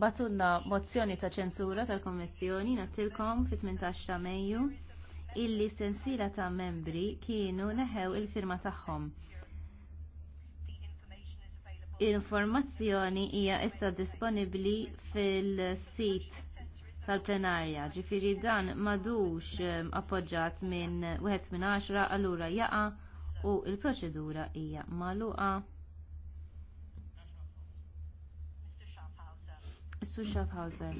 batunna mozzjoni ta' ċensura tal-Kommissjoni nattilkom fi 18 ta' Mejju illi sensila ta' membri kienu neħew il-firma tagħhom. Informazzjoni hija issa disponibbli fil-sit tal-plenarja, ġifiri dan madux ehm, appoġġat minn wieħed minn allura jaqa' u l proċedura hija magħluqa. Su Schaffhauser.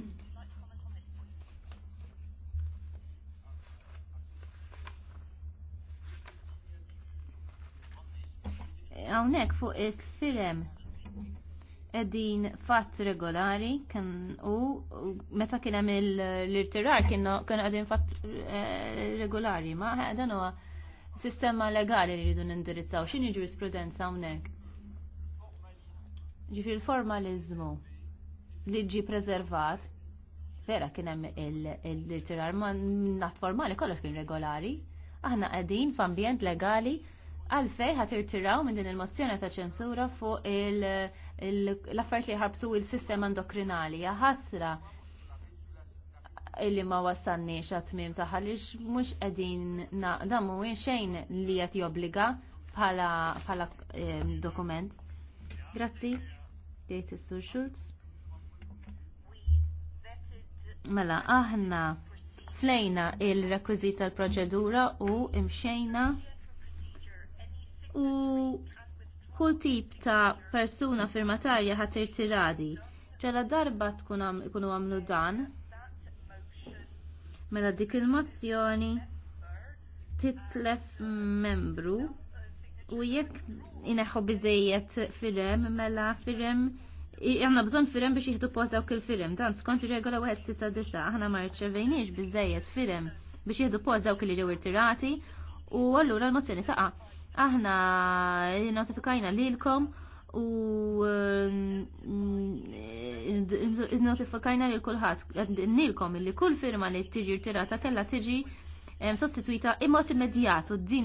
Hawnhekk fuq is-firem edin fatt regolari kien u meta kien hemm l-irtirar kienu qegħdin fatt eh, regolari ma dan huwa sistema legali li rridu nindirizzaw x'inhi ġurisprudenza hawnhekk. Ġifi l-formaliżmu li ġi preservat vera kien hemm il-tirar nat formali kollox kien regolari. Aħna qegħdin f'ambjent legali għalfej ħat irtiraw minn din il-mozzjoni ta' ċensura fuq l-affarijiet li ħarbtu il-sistema endokrinali. ħasra illi ma wassannix għatmim taħħa li mux edin naqda mhuwiex xejn li qed jobbliga bħala eh, dokument. Grazzi, dejt is-Sur Schultz. Mela, aħna flejna il-rekwizit tal-proċedura u imxejna u kull tip ta' persuna firmatarja ħatir tiradi. ċala darba tkun ikunu għamlu dan, mela dik il-mozzjoni titlef membru u jekk ineħħu biżejjed firem mela firem għanna bżon firem biex jihdu post dawk il-firem. Dan skont regola 169 aħna ma rċevejniex biżejjed firem biex jihdu post dawk li ġew tirati. u allura l-mozzjoni taqa. Aħna notifikajna lilkom u mm, notifikajna lil kulħadd nilkom li kull firma li tiġi rtirata kellha tiġi sostituita imot immedjat u din